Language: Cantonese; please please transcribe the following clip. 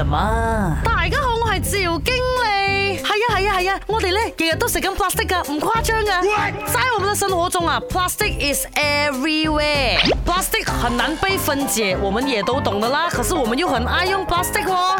什麼大家好，我是趙經理。係啊，係啊，係啊，我哋呢，日日都食緊 plastic 㗎，唔誇張噶，在我們的生活中啊！Plastic is everywhere。Plastic 很難被分解，我們也都懂得啦。可是我們又很愛用 plastic 喎，哦。